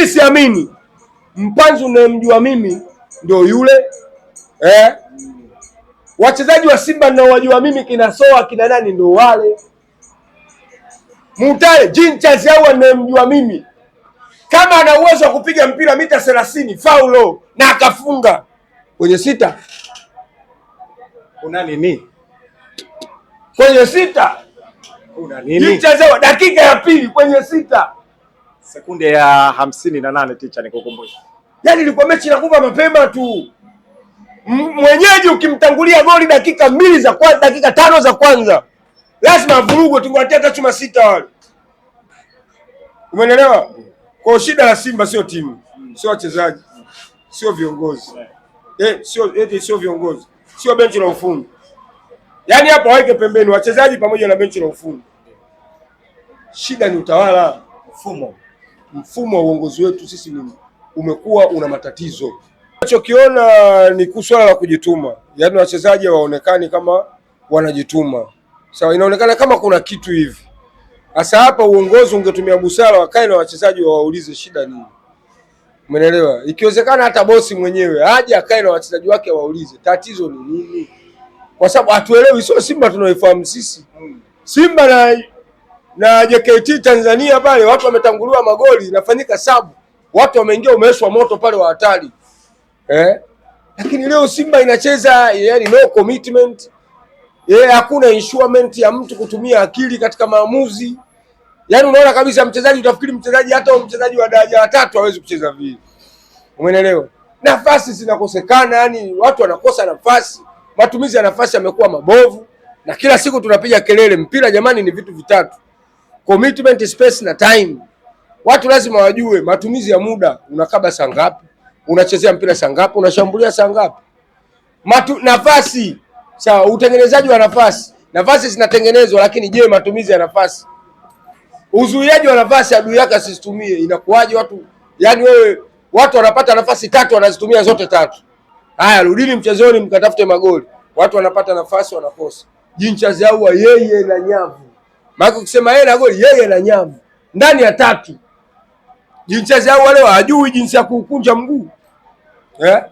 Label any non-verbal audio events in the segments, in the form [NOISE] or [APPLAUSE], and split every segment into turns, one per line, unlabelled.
mimi siamini. Mpanzu unayemjua mimi ndio yule eh? Wachezaji wa Simba ninaowajua mimi kina Soa kina nani ndio wale. Mutale Jinchaz au anayemjua mimi kama ana uwezo wa kupiga mpira mita 30 faulo na akafunga kwenye sita, kuna nini? Kwenye sita Kuna nini? Jinchaz dakika ya pili kwenye sita sekunde ya hamsini na nane ticha, nikukumbusha. Yaani ilikuwa mechi inakufa mapema tu, mwenyeji ukimtangulia goli dakika mbili za kwanza, dakika tano za kwanza lazima avurugwe, tungewatia hata chuma sita wale. Kwa shida la Simba sio timu, sio wachezaji, sio viongozi eh, sio eti sio viongozi, sio benchi la ufundi. Yaani hapo waweke pembeni wachezaji pamoja na benchi la ufundi, shida ni utawala, mfumo mfumo wa uongozi wetu sisi ni umekuwa una matatizo. Nachokiona ni swala la kujituma, yaani wachezaji hawaonekani kama wanajituma. Sawa, so, inaonekana kama kuna kitu hivi. hasa hapa uongozi ungetumia busara, wakae na wachezaji wawaulize shida nini, umeelewa? Ikiwezekana hata bosi mwenyewe aje akae na wachezaji wake awaulize tatizo ni nini, kwa sababu hatuelewi. Sio Simba tunaoifahamu sisi Simba na na JKT Tanzania pale watu wametanguliwa magoli, inafanyika sabu, watu wameingia, umeeshwa moto pale wa hatari eh? Lakini leo Simba inacheza yani no commitment yeye, eh, hakuna insurement ya mtu kutumia akili katika maamuzi. Yani unaona kabisa mchezaji, utafikiri mchezaji hata mchezaji wa daraja la tatu hawezi kucheza vile, umeelewa? Nafasi zinakosekana, yani watu wanakosa nafasi, matumizi ya nafasi yamekuwa mabovu, na kila siku tunapiga kelele. Mpira jamani, ni vitu vitatu commitment, space na time. Watu lazima wajue matumizi ya muda, unakaba saa ngapi, unachezea mpira saa ngapi, unashambulia saa ngapi, matu nafasi sawa, utengenezaji wa nafasi. Nafasi zinatengenezwa, lakini je, matumizi ya nafasi, uzuiaji wa nafasi, adui yako asizitumie, inakuwaje? Watu yani wewe, watu wanapata nafasi tatu, wanazitumia zote tatu. Haya, rudini mchezoni, mkatafute magoli. Watu wanapata nafasi, wanakosa. Jincha zaua yeye na nyavu maana ukisema yeye na goli, yeye na nyavu ndani ya tatu. Jinsi ya wale hawajui jinsi ya kukunja mguu eh?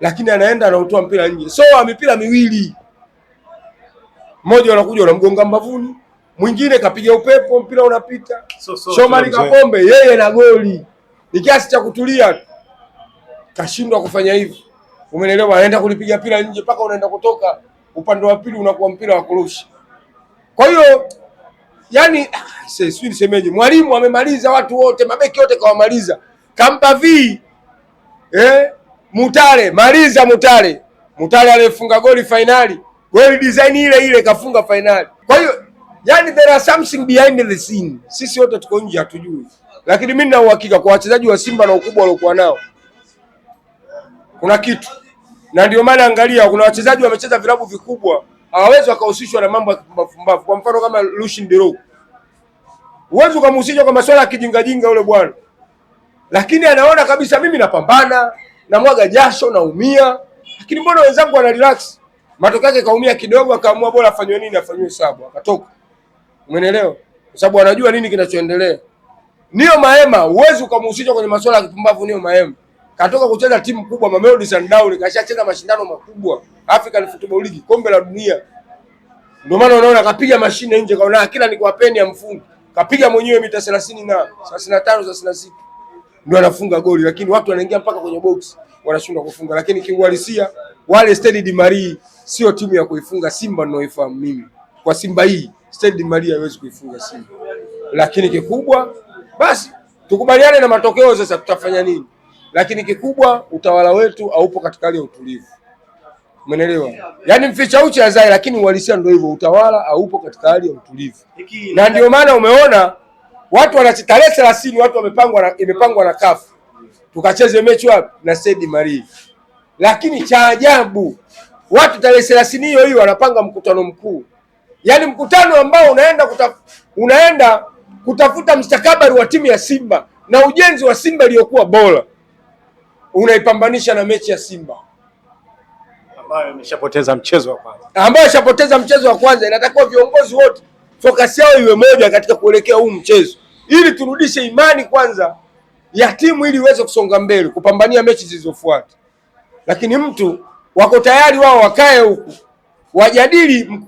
Lakini anaenda anautoa mpira nje, so mipira miwili, mmoja unakuja unamgonga mbavuni, mwingine kapiga upepo, mpira unapita. so, so, Shomari Kapombe yeye na goli, ni kiasi cha kutulia kashindwa kufanya hivi. Umeelewa? Anaenda kulipiga pira nje, mpaka unaenda kutoka upande wa pili unakuwa mpira wa kurusha. Kwa hiyo yani ah, sijui nisemeje, mwalimu amemaliza watu wote, mabeki wote kawamaliza, kampa vi eh, Mutale maliza Mutale. Mutale aliyefunga goli fainali, goli design ile ile kafunga fainali. Kwa hiyo yani, there are something behind the scene, sisi wote tuko nje hatujui, lakini mimi nina uhakika kwa wachezaji wa Simba na ukubwa waliokuwa nao kuna kitu, na ndio maana angalia, kuna wachezaji wamecheza vilabu vikubwa hawawezi wakahusishwa na mambo ya mafumbavu. Kwa mfano kama Lushin Diro, huwezi ukamhusisha kwa masuala ya kijingajinga yule bwana, lakini anaona kabisa mimi napambana, namwaga jasho, naumia, lakini mbona wenzangu wana relax? Matokeo yake kaumia kidogo, akaamua bora afanywe nini, afanywe sabu, akatoka. Umeelewa? Kwa sababu anajua nini kinachoendelea. Niyo Maema huwezi ukamhusisha kwenye masuala ya kipumbavu. Niyo Maema katoka kucheza timu kubwa Mamelodi Sundowns, kashacheza mashindano makubwa. African Football League, kombe la dunia. Ndio maana unaona kapiga mashine nje kaona kila ni kwa peni ya mfungo. Kapiga mwenyewe mita 30 na 35 36. Ndio anafunga goli lakini watu wanaingia mpaka kwenye box wanashindwa kufunga, lakini kiuhalisia wale Stade de Marie sio timu ya kuifunga Simba ninaoifahamu mimi. Kwa Simba hii Stade de Marie haiwezi kuifunga Simba. Lakini kikubwa basi tukubaliane na matokeo sasa, tutafanya nini? Lakini kikubwa utawala wetu haupo katika hali ya utulivu. Umeelewa? Yaani mficha uchi azai, lakini uhalisia ndio hivyo, utawala haupo katika hali ya utulivu, na ndio maana umeona watu wana tarehe watu wamepangwa, imepangwa na kafu tukacheze mechi wapi? Na Sedi Mari. Lakini cha ajabu watu tarehe thelathini hiyo hiyo wanapanga mkutano mkuu, yaani mkutano ambao unaenda kutaf, unaenda kutafuta mstakabali wa timu ya Simba na ujenzi wa Simba iliyokuwa bora unaipambanisha na mechi ya Simba ambayo imeshapoteza mchezo wa kwanza, ambayo ishapoteza mchezo wa kwanza. Inatakiwa viongozi wote focus yao iwe moja katika kuelekea huu mchezo, ili turudishe imani kwanza ya timu, ili iweze kusonga mbele kupambania mechi zilizofuata. Lakini mtu wako tayari wao wakae huku wajadili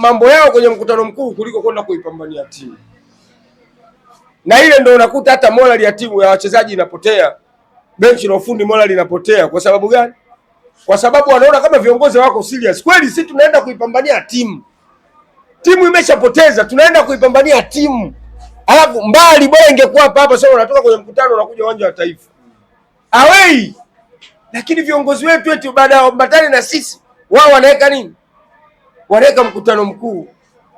mambo yao kwenye mkutano mkuu kuliko kwenda kuipambania timu, na ile ndio unakuta hata morali ya timu ya wachezaji inapotea, benchi la ufundi morali inapotea. Kwa sababu gani? kwa sababu wanaona kama viongozi wako serious kweli. Sisi tunaenda kuipambania timu, timu imeshapoteza, tunaenda kuipambania timu. Alafu mbali bora ingekuwa hapa hapa, sasa unatoka kwenye mkutano unakuja uwanja wa Taifa awei, lakini viongozi wetu eti baada ya mbatani na sisi, wao wanaweka nini? Wanaweka mkutano mkuu.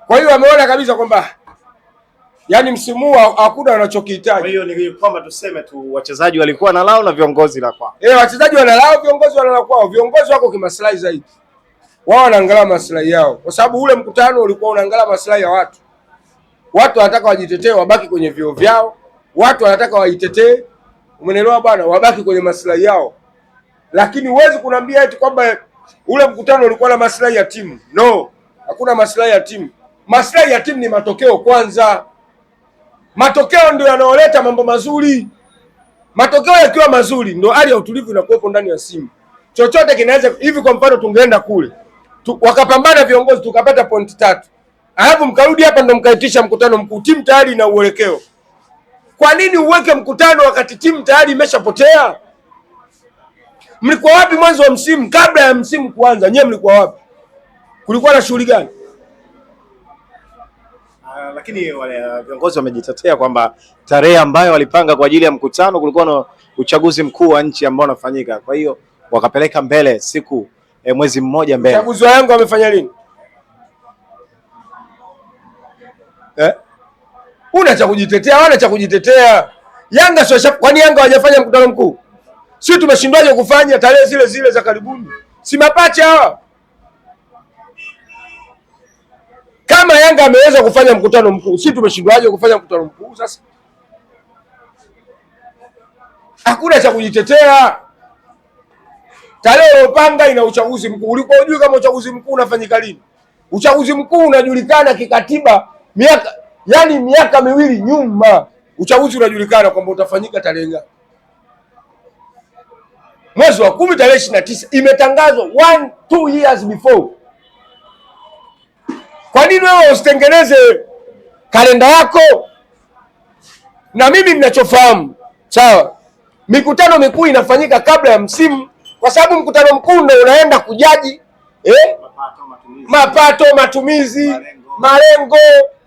Kwa hiyo wameona kabisa kwamba Yaani msimu huu hakuna wanachokihitaji. Kwa hiyo ni kwamba tuseme tu wachezaji walikuwa na lao na viongozi la kwao. Eh, wachezaji wana lao, viongozi wana la kwao. Viongozi wako kimaslahi zaidi. Wao wanaangalia maslahi yao, kwa sababu ule mkutano ulikuwa unaangalia maslahi ya watu. Watu wanataka wajitetee, wabaki kwenye vio vyao. Watu wanataka wajitetee, umeelewa bwana, wabaki kwenye maslahi yao, lakini huwezi kuniambia eti kwamba ule mkutano ulikuwa na maslahi ya timu. No, hakuna maslahi ya timu. Maslahi ya timu ni matokeo kwanza. Matokeo ndio yanayoleta mambo mazuri. Matokeo yakiwa mazuri, ndio hali ya utulivu inakuwepo ndani ya Simba. Chochote kinaweza hivi. Kwa mfano, tungeenda kule tu, wakapambana viongozi tukapata pointi tatu, alafu mkarudi hapa ndo mkaitisha mkutano mkuu, timu tayari ina uelekeo. Kwa nini uweke mkutano wakati timu tayari imeshapotea? Mlikuwa wapi mwanzo wa msimu? Kabla ya msimu kuanza, nyewe mlikuwa wapi? Kulikuwa na shughuli gani? lakini wale uh, viongozi wamejitetea kwamba tarehe ambayo walipanga kwa ajili ya mkutano kulikuwa na uchaguzi mkuu wa nchi ambao unafanyika, kwa hiyo wakapeleka mbele siku e, mwezi mmoja mbele. Uchaguzi wa Yanga wamefanya lini eh? Una cha kujitetea, wana cha kujitetea. Yanga sio kwani Yanga hawajafanya mkutano mkuu? Sisi tumeshindwaje kufanya tarehe zile zile za karibuni? Si mapacha hawa Kama Yanga ameweza kufanya mkutano mkuu, si tumeshindwaje kufanya mkutano mkuu? Sasa hakuna cha kujitetea. Tarehe iliyopanga ina uchaguzi mkuu. Ulikuwa hujui kama uchaguzi mkuu unafanyika lini? Uchaguzi mkuu unajulikana kikatiba miaka yani miaka miwili nyuma, uchaguzi unajulikana kwamba utafanyika tarehe ngapi, mwezi wa kumi, tarehe ishirini na tisa imetangazwa one two years before kwa nini wewe usitengeneze kalenda yako? Na mimi ninachofahamu sawa, mikutano mikuu inafanyika kabla ya msimu, kwa sababu mkutano mkuu ndio unaenda kujaji eh, mapato, matumizi, malengo, malengo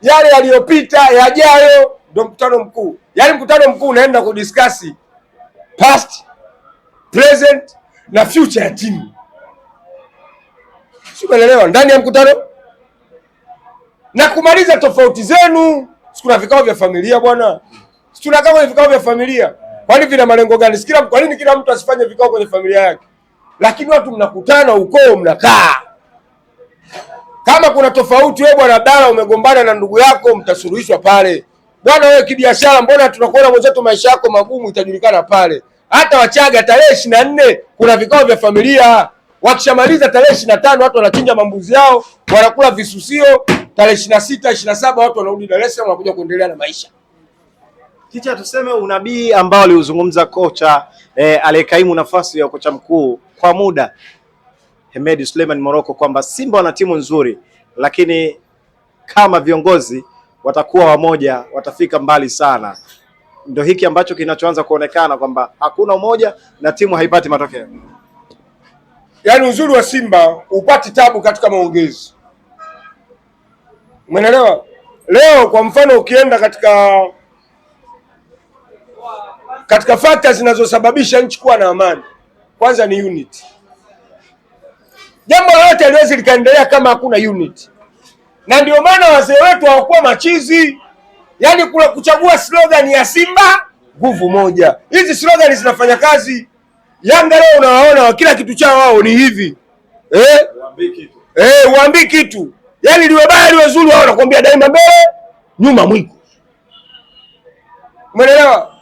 yale yaliyopita, yajayo, ndio mkutano mkuu. Yaani mkutano mkuu unaenda kudiskasi past, present na future ya timu, si umeelewa? Ndani ya mkutano na kumaliza tofauti zenu. kuna vikao vya familia bwana, tunakaa kwenye vikao vya familia, kwani vina malengo gani? Sikila, kwa nini kila mtu asifanye vikao kwenye familia yake? Lakini watu mnakutana, ukoo mnakaa. Kama kuna tofauti, wewe bwana Abdalla umegombana na ndugu yako, mtasuluhishwa pale. Bwana wewe kibiashara, mbona tunakuona mwenzetu maisha yako magumu, itajulikana pale. Hata Wachaga tarehe ishirini na nne kuna vikao vya familia, wakishamaliza tarehe ishirini na tano watu wanachinja mambuzi yao, wanakula visusio, tarehe ishirini na sita ishirini na saba watu wanarudi Dar es Salaam wanakuja kuendelea na maisha. Kicha, tuseme unabii ambao aliuzungumza kocha eh, aliyekaimu nafasi ya kocha mkuu kwa muda Hemedi Suleiman Moroko kwamba Simba wana timu nzuri, lakini kama viongozi watakuwa wamoja watafika mbali sana. Ndio hiki ambacho kinachoanza kuonekana kwamba hakuna umoja na timu haipati matokeo. Yaani uzuri wa Simba upati tabu katika maongezi Umeelewa? Leo kwa mfano ukienda katika katika fakta zinazosababisha nchi kuwa na amani, kwanza ni unity. Jambo lolote haliwezi likaendelea kama hakuna unity, na ndio maana wazee wetu hawakuwa machizi, yaani kuna kuchagua slogan ya Simba nguvu moja. Hizi slogan zinafanya kazi. Yanga leo unawaona kila kitu chao wao ni hivi eh? Uambii kitu, eh, uambii kitu Yaani liwe baya liwe zuri, wao wanakuambia daima mbele nyuma mwiko. Umeelewa?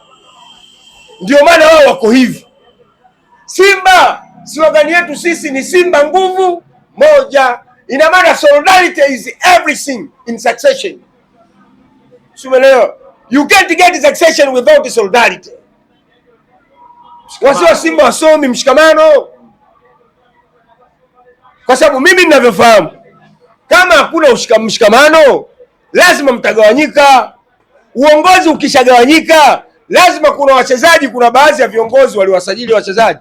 Ndio maana wao wako hivi. Simba slogan yetu sisi ni Simba nguvu moja. Ina maana solidarity is everything in succession. Umeelewa? You can't get succession without solidarity. Wasio Simba wasomi mshikamano, kwa sababu mimi ninavyofahamu kama hakuna mshikamano, lazima mtagawanyika. Uongozi ukishagawanyika, lazima kuna wachezaji, kuna baadhi ya viongozi waliwasajili wachezaji,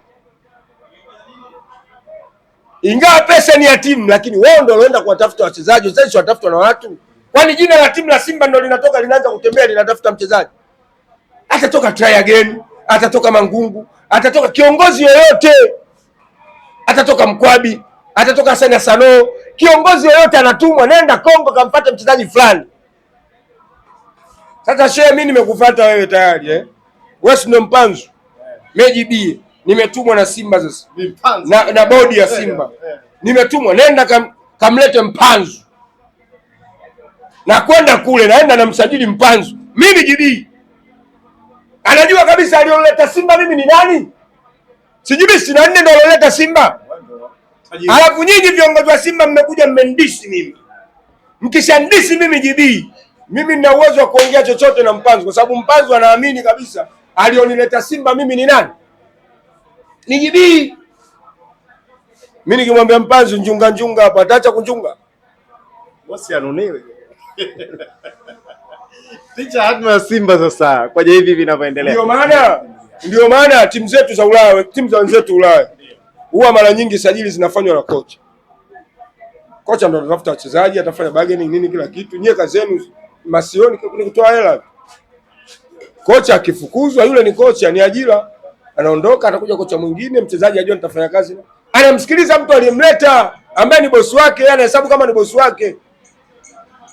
ingawa pesa ni ya timu, lakini wao ndio walienda kuwatafuta wachezaji. Wachezaji watafutwa na watu, kwani jina la timu la Simba ndio linatoka linaanza kutembea linatafuta mchezaji, atatoka try again, atatoka Mangungu, atatoka kiongozi yoyote, atatoka Mkwabi, atatoka Sana Sano Kiongozi yoyote anatumwa, nenda Kongo kampate mchezaji fulani. Sasa shehe, mimi nimekufuata wewe tayari eh? Wewe ndio mpanzu B, nimetumwa na Simba sasa na, na bodi ya Simba eh, eh. nimetumwa, nenda kam, kamlete mpanzu na kwenda kule, naenda namsajili mpanzu. Mimi jibii anajua kabisa aliyoleta Simba mimi ni nani, sijui sina na nne ndo alioleta Simba Alafu nyinyi viongozi wa Simba mmekuja mmendisi mimi, mkishandisi mimi jibii, mimi nina uwezo wa kuongea chochote na Mpanzu kwa sababu Mpanzu anaamini kabisa alionileta Simba mimi ni nani, ni jibii. Mimi nikimwambia Mpanzu njunga njunga hapa ataacha kunjunga, wasianuniwe licha [LAUGHS] hatma ya Simba sasa kwa hivi vinavyoendelea. Ndio maana ndio maana timu zetu za Ulaya, timu za wenzetu Ulaya huwa mara nyingi sajili zinafanywa na kocha. Kocha ndo anatafuta wachezaji, atafanya bargaining nini, kila kitu. Nyie kazi yenu masioni ni kutoa hela. Kocha akifukuzwa, yule ni kocha, ni ajira, anaondoka, atakuja kocha mwingine, mchezaji ajua nitafanya kazi, anamsikiliza mtu aliyemleta ambaye ni bosi wake, anahesabu kama ni bosi wake.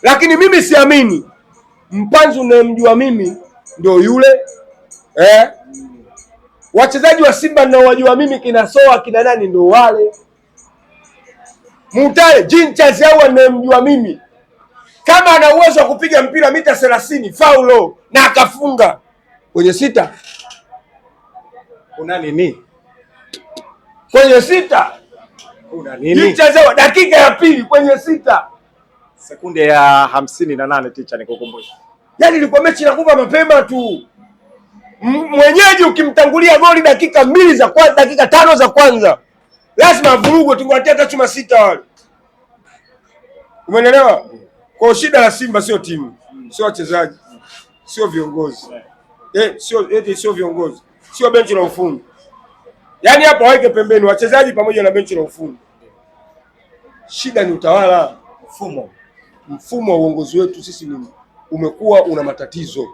Lakini mimi siamini mpanzu unayemjua mimi ndio yule eh Wachezaji wa Simba ninaowajua mimi kina Soa kina nani ndo wale Mutale Jean Charles au anayemjua mimi kama ana uwezo wa kupiga mpira mita 30 faulo na akafunga kwenye sita, kuna nini? Kwenye sita kuna nini? Jean dakika ya pili kwenye sita sekunde ya hamsini na nane ticha nikukumbusha, yani ilikuwa mechi inakupa mapema tu mwenyeji ukimtangulia goli dakika mbili za kwanza, dakika tano za kwanza lazima vurugwe, tungewatia hata chuma sita wale. Umeelewa? Kwa shida la Simba sio timu, sio wachezaji, sio viongozi eh, sio eti sio viongozi, sio benchi la ufundi. Yaani hapo waweke pembeni wachezaji pamoja na benchi la ufundi. Shida ni utawala, mfumo, mfumo wa uongozi wetu sisi ni umekuwa una matatizo.